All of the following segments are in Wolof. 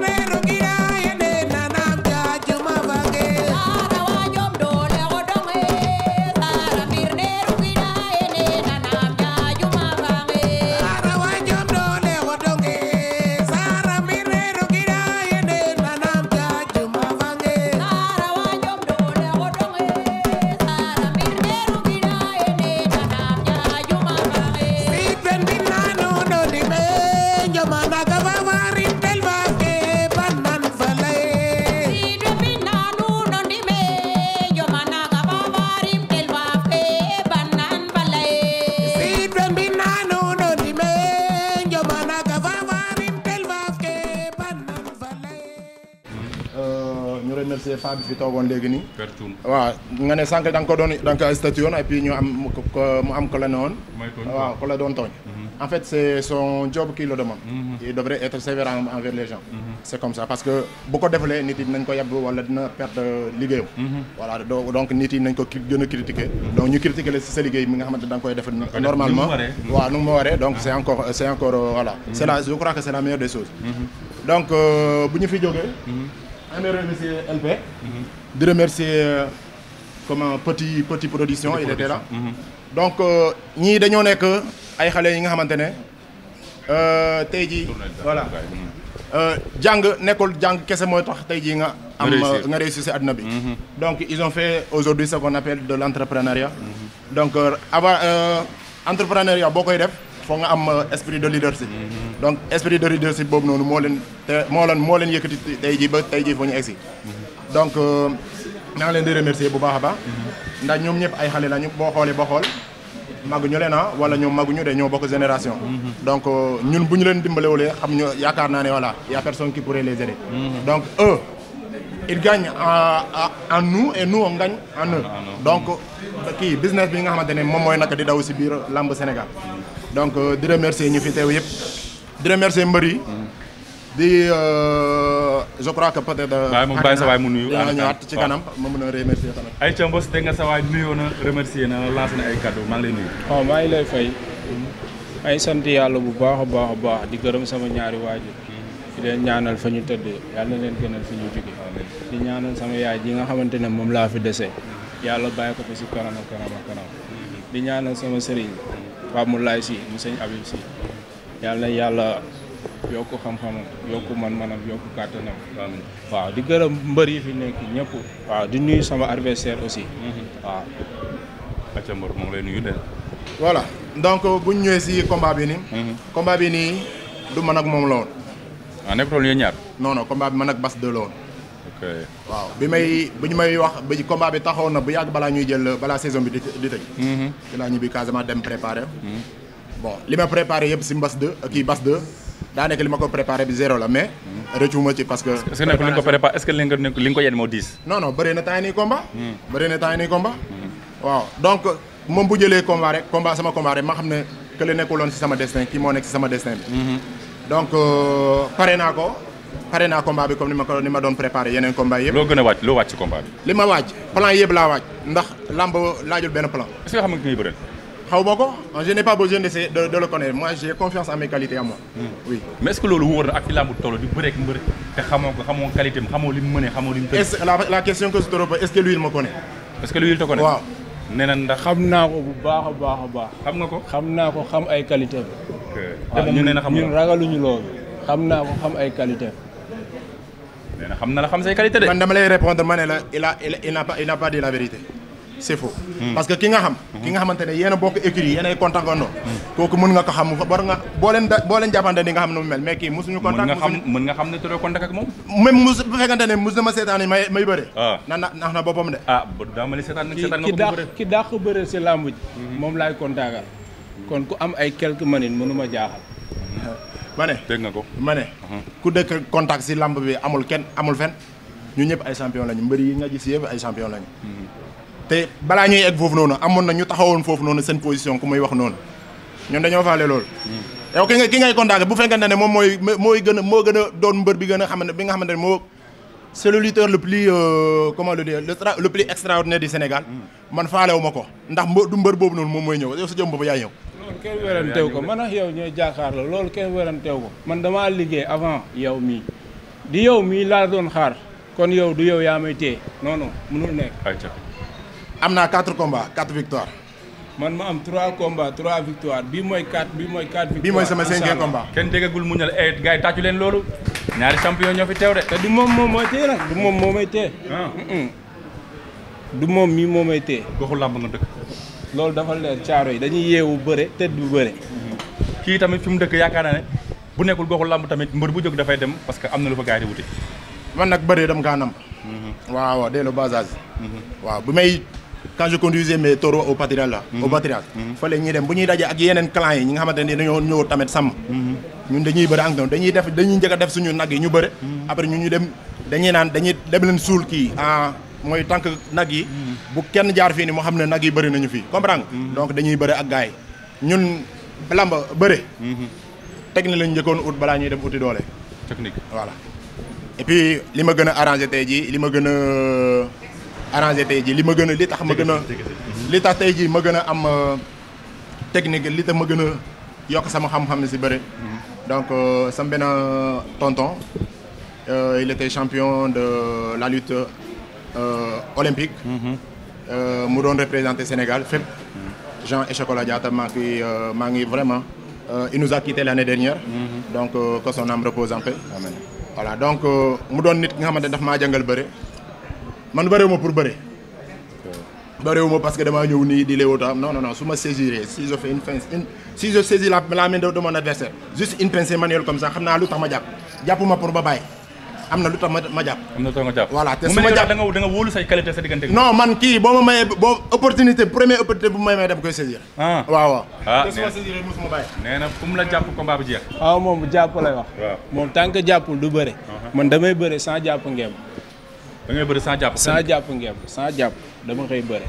Viernes, Roquina. CFA fi toogoon léegi nii. waaw nga ne sànq da ko doon da ko doon tooñ. Mhm. en fait c' son job qui le demande. Mhm. il devrait envers les gens. Mhm. c' comme ça parce que bu ko defalee nit yi dinañ ko yab wala dina perte liggéeyam. voilà donc nit yi nañ ko gën a critiquer. donc ñu critiquer la si sa liggéey mi nga xamante da koy def normalement waaw nu mu waree donc ah. c' encore c' encore euh, voilà. c' la je crois que c' la meilleure des choses. Euh, amee remercier mhm. di remercier euh, comment petit petit production il de là. Mhm. donc euh, ñii dañoo nekk ay xale yi nga xamante ne euh, tey jii. voilà mhm. jàng nekkul jàng kese mooy tax tey jii nga. am nga réussir si àdduna bi. donc ils on fait aujourd'hui ce qu'on appelle de l'entrepreneuriat. donc avant entrepreneuriat boo koy def. foo nga am euh, esprit de leadership. Mhm. donc esprit de leadership boobu noonu moo leen te moo leen moo leen yëkkati tey jii ba tey jii fu ñu egsi mhm. donc euh, naa leen di remercier bu baax a baax. Mhm. ndax ñoom ñëpp ay xale ñu boo xoolee ba xool màgguñu leen ah wala ñoom màgguñu de ñoo bokk génération. donc euh, ñun bu ñu leen dimbalewulee xam ñu yaakaar naa ne voilà y a personne qui pourrait les aider. donc eux. ils gagnent a en nous et nous on gagne en donc kii business bi nga xamante ne moom mooy naka di daw si biir lamb Sénégal. donc euh, di remercier ñu fi teew yëpp. di remercier mbër yi. di euh, je crois que peut-être. Euh, waaye moom bàyyi sa waay mu nuyu. ànd ci kanam ma mën a remercier tamit. ay Thiam si nga sa waay nuyoo na remercier na la lancé na ay cadeau maa ngi lay nuyu. waaw maa lay fay. ay sant yàlla bu baax a baax a baax di gërëm sama ñaari waajur. di leen ñaanal fa ñu tëddee yàlla na leen gënal fi ñu jóge di ñaanal sama yaay ji nga xamante ne moom laa fi dese yàlla bàyyi ko fi si kanam ak kanam ak kanam di ñaanal sama sëriñ Pape Moulaye si mu sëñ Abib si yàlla na yàlla yokk xam-xamam yokk man-manam yokk kàttanam waaw di gërëm mbër yi fi nekk ñëpp waaw di nuyu sama adversaire aussi mhm. waaw acca mbër moom lay nuyu de voilà donc buñ ñëwee si combat bi nii mhm. combat bi nii du man ak moom la woon ah nekkutoon yéen ñaar. non non combat bi man ak Bas la woon. waaw bi may bi ñu may wax bi combat bi taxawoon na bu yàgg balaa ñuy jël balaa saison bi di di tëj. Mhm. ci laa ñibbi Casamance dem préparé. Mhm. bon li ma préparé yëpp si Mbas 2 kii Bas 2 daa nekk li ma ko préparé bi zéro la mais. Mhm. rëccuma ci parce que. est ce que nekkul li nga ko préparé est ce que li nga ko li nga ko yéen moo diis. non non bëri na temps yii nii combat. bëri na temps bu jëlee combat rek combat sama ma xam ne que li si sama destin kii moo nekk sama destin donc euh, pare naa ko pare naa combat bi comme ni ma ko ni ma doon préparé yeneen combat yëpp. loo gën a wàcc loo wàcc ci combat bi. li ma wàcc plan yëpp laa wàcc ndax làmb laajul benn plan. est-ce que xam nga ki ngay bëreel. xaw ma ko je n'ai pas besoin de de de le connaître moi j'ai confiance en mes qualités à moi. Hmm. oui mais est-ce que loolu wóor na ak fi làmb toll di bëreeg mbër te xamoo ko xamoo qualité am xamoo li mu mënee xamoo li mu. est-ce la la question que je te repose est-ce que lui il me connaît. est-ce que lui il te connaît. waaw nee na ndax. xam naa ko bu baax a baax a baax. xam nga ko xam naa ko xam ay qualité am Ah, te ñu neena xam ñun ragaluñu loolu. xam naa ko na xam na la xam say qualité de. ma la il n'a pas n'a pas dit la vérité. c'est faux. Hmm. parce que ki nga xam. ki nga xamante ne a bokk écurie yéen ay hmm. nga xam war boo leen da boo leen jàppante ni xam ne mu mel mais kii mosuñu. contact mën nga xam mën nga xam contact ak moom. même mos ne mos na ma seetaan may bëre. Ah. na na nax na boppam de. ah bu daa ki ki bëre si làmb hmm. moom laay contactal. kon ku am ay quelques minutes mënuma jaaxal. ma ne dégg nga ko ma ne. Uh-huh. ku dëkk contact si lamb bi amul kenn amul fen ñu ñëpp ay champion lañu mbëri yi nga gis yëpp ay champion lañu. Uh-huh. te balaa ñuy egg foofu noonu amoon na ñu taxawoon foofu noonu seen position ku muy wax noonu ñun dañoo faale loolu. Uh-huh. yow ki nga ki ngay contacté bu fekkente ne moom mooy mooy gën moo gën a doon mbër bi gën a xam ne bi nga xamante ne moo. c'est le le plus euh, comment le dire le, le plus extraordinaire du Sénégal man faalewu ma ko ndax du mbër boobu noonu moom mooy ñëw yow sa jëm boobu yaay kenn weranteew ko man ak yow ñooy jàkkaarloo loolu kenn weranteew ko man damaa liggéey avant yow mii di yow mii laa doon xaar kon yow du yow yaa may téye non non nekk. am naa quatre combats quatre victoires. man ma am trois combats trois victoires bii mooy quatre bii mooy quatre victoires. bii mooy sama cinquième combat. kenn déggagul mu ne eh, la ay gars tàccu leen loolu. ñaari champion ñoo fi teew de. te du moom moom mooy téye nag du moom moo ah. moom mii moo may téye. goxu loolu dafa leen caaro yi dañuy yeewu bëre tëdd bu bëre. Mhm. kii tamit fi mu dëkk yaakaar na ne bu nekkul goxu làmb tamit mbër bu jóg dafay dem parce que am na lu fa gars yi di wuti. man nag bëree dem kaa nam. Mhm. waaw waaw dès le bas waaw bu may quand je conduisais mes taureaux au pâturage là. au pâturage. fa la ñuy dem bu ñuy daje ak yeneen clans yi ñi nga xamante ne dañoo ñëw tamit sàmm. Mhm. ñun dañuy bëri ak dañuy def dañuy njëkk a def suñu nag yi ñu bëre. après ñu ñu dem dañuy naan dañuy dem suul kii en. mooy tànk nag yi hmm. bu kenn jaar fii ni mu xam ne nag yi bëri nañu fii comprendre hmm. donc dañuy bëri ak gars ñun lamb bëre hmm. technique lañu njëkkoon ut balaa ñuy dem uti doole technique voilà et li ma gën a arrangé tey ji li ma gën a arrangé tey jii li ma gën a li tax ma gën a li tax tey jii ma gën a am euh, technique li tax ma gën a yokk sama xam-xam ne si bëre donc euh, sama benn tonton euh, il était champion de la lutte Euh, olympique. Mhm. Euh, mu doon représenté Sénégal fépp. Jean et Chocolat Diatta maa ngi euh, maa ngi vraiment il nous a quitté l'année dernière. Mhm. donc que son âme repose en paix. amiin donc mu doon nit ki nga xamante ne daf maa jàngal bëre man bëriwuma pour bëre. bëriwuma parce que damaa ñëw nii di léewota non non non su ma saisiree si je fais une pince une si je saisis la la main de adversaire juste une pincée manuelle comme ça xam naa lu tax ma jàpp jàppuma pour ba bàyyi. am na lu tax ma ma jàpp. am na lu tax ma jàpp voilà te su ma jàpp da non man kii boo ma mayee boo opportunité première opportunité bu may may dama koy saisir. Ah. waaw waaw. ah nee na saisir mosuma bàyyi. jàpp combat bu jeex. waaw ah, moom jàpp lay wax. waaw moom tant que jàppul du bëre. Uh-huh. man damay bëre sans jàpp ngeem. da ngay bëre jàpp. sans jàpp ngeem sans jàpp dama koy bëre.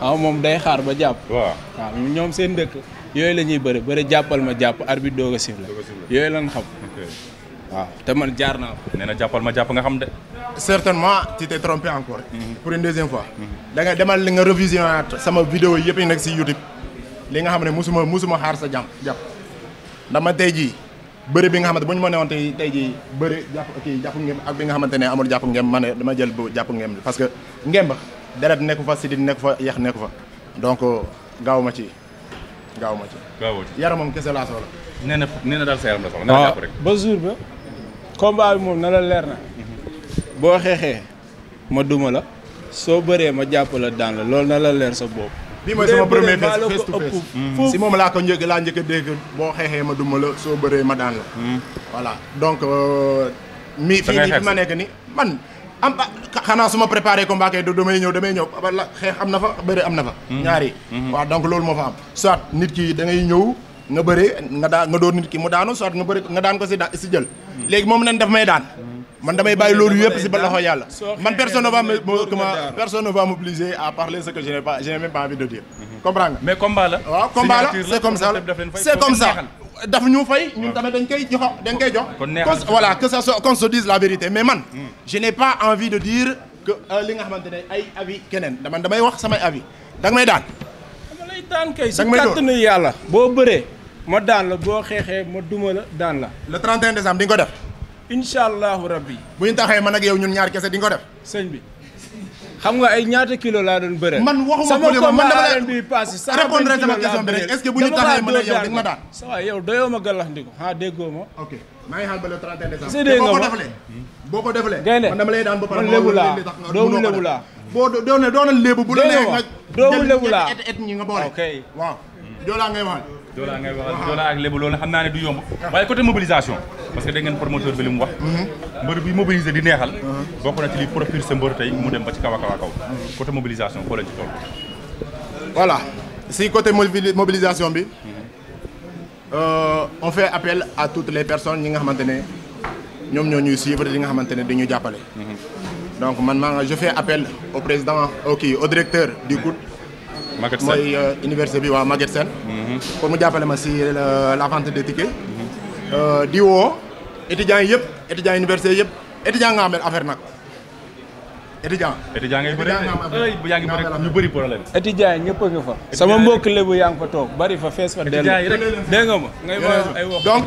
Ah, moom day xaar ba jàpp. waaw ñoom seen dëkk. yooyu la ñuy bëre bëre jàppal ma jàpp arbitre doog a siffle yooyu lan xam waaw te man jaar naa ko. nee na jàppal ma jàpp nga xam de. certainement tu t'es trompé encore. Mhm. pour une deuxième fois. Mhm. da demal li nga revisionnaat sama vidéo yëpp yi nekk si YouTube li nga xam ne musuma musuma xaar sa jàmm jàpp dama tey jii bëri bi nga xamante bu ñu ma newoon tey tey jii bëri jàpp kii jàpp ngem ak bi nga xamante ne amul jàpp ngem ma ne dama jël bu jàpp ngem parce que ngem ba deret nekku fa di nekku fa yax nekku fa donc gaaw ma ci gaaw ma ci. gaaw ma ci yaramam kese laa soxla. nee na nee na daal sa yaram la soxla. nee na ah. jàpp rek ba jour combat bi moom na la leer na. boo xeexee ma duma la soo bëree ma jàpp la daan la loolu na la leer sa bopp. bii mooy sama premier hmm. moom laa ko laa njëkk a dégg boo ma duma la soo bëree ma daan la. Hmm. voilà donc. Euh, mi fii nii fi ma nekk nii man. am ah, xanaa su ma préparé combat kay du damay ñëw damay ñëw xeex am na fa bëri am na fa. Hmm. ñaari waaw donc loolu moo fa am. soit nit ki da ñëw. nga bëree nga daan nga doon nit ki mu daanu soit nga bëri nga daan ko si da si jël léegi moom nen daf may daan man damay bàyyi loolu yëpp si ba loxo yàlla man personne ne va me personne ne va m'obliger à parler ce que mhm. comme ça daf ñu fay ñun tamit dañ koy jox dañ koy jox voilà que ça soit qu'on se dise la vérité mais man mm. je n'ai pas envie de dire que euh, li nga xamante ne ay avis keneen man damay wax samay avis da nga may daan danga may daan kay si yàlla boo bëree ma daan la boo xeexee ma duma la daan la. le 31 décembre di nga ko def. incha allahu rabbi. bu ñu taxee man ak yow ñun ñaar kese di ko def. sëñ bi xam nga ay ñaata kilo laa doon bëre. man waxuma ko de man dama la bi passé répondre sama question bi rek que bu ñu taxee man ak yow di daan. sa waay yow doyoo ma gàllax ndiku ah déggoo ma. ok maa ngi xaar ba le ma boo ko defalee. boo ko defalee. gaynde man dama lay daan ba pare. man lébu laa doomu lébu laa. la nee nag. doomu lébu laa et et ñi nga boole. ok Joola ngay wax Joola ak Lebu loolu xam naa ne du yomb waaye côté mobilisation parce que da ngeen promoteur bi li mu wax mbër bi mobiliser di neexal bokk na ci li profil sa mbër tey mu dem ba ci kaw a kaw a kaw mobilisation foo leen ci toll voilà si côté mobilisation bi euh, on fait appel à toutes les personnes ñi nga xamante ne ñoom ñoo ñuy suivre ñi nga xamante ne dañu jàppale donc man maa nga je fais appel au président au kii au directeur du COUD mooy euh, université bi waa Maguette Sène hmm. pour mu jàppale ma si euh, la vente des tickets. Euh, di woo étudiants yi yëpp étudiants université yëpp étudiants nga amel affaire nag étudiants. étudiants ngay bëri de yaa ngi bëri problème. étudiants yi ñëpp fa. sama mbokk lébu yaa ngi fa toog bari fa fees fa. dellu dégg nga ma donc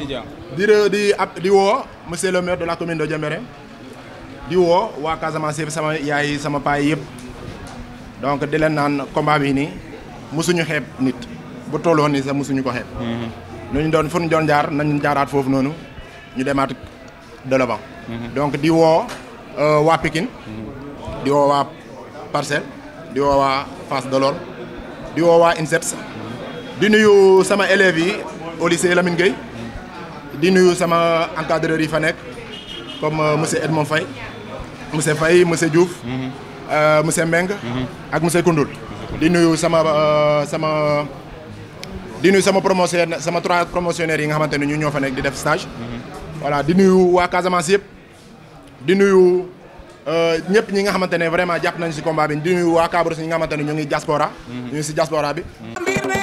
di di ab di woo monsieur le maire de la commune de Diembéring di woo waa Casamance yëpp sama yaay sama paay yëpp donc di leen naan combat bi nii mosuñu xeeb nit. bu tolloo nii sax mosuñu ko xeeb. Mm-hmm. ñu doon fu ñu doon jaar nañu jaaraat foofu noonu ñu demaat de mm-hmm. donc di woo euh, waa Pikine. Mm-hmm. di woo waa Parcelles. di woo waa Fass Delorme. di woo waa INSEPS. di nuyu sama élèves yi au lycée Lamine di nuyu sama encadreurs yi fa nekk comme euh, monsieur Edmond Faye. monsieur Faye monsieur Diouf. Euh, monsieur Mbengue. ak monsieur Koundoul. di nuyu sama sama. di nuyu sama promotionnaire sama trois promotionnaires yi nga xamante ñu ñoo fa nekk di def stage. voilà di nuyu waa Casamance yëpp. di nuyu euh, ñëpp ñi nga xamante ne vraiment jàpp nañu si combat bi di nuyu waa Kabrousse ñi nga xamante ne ñu ngi diaspora. Mhm. ñu ngi si diaspora bi. Mhm.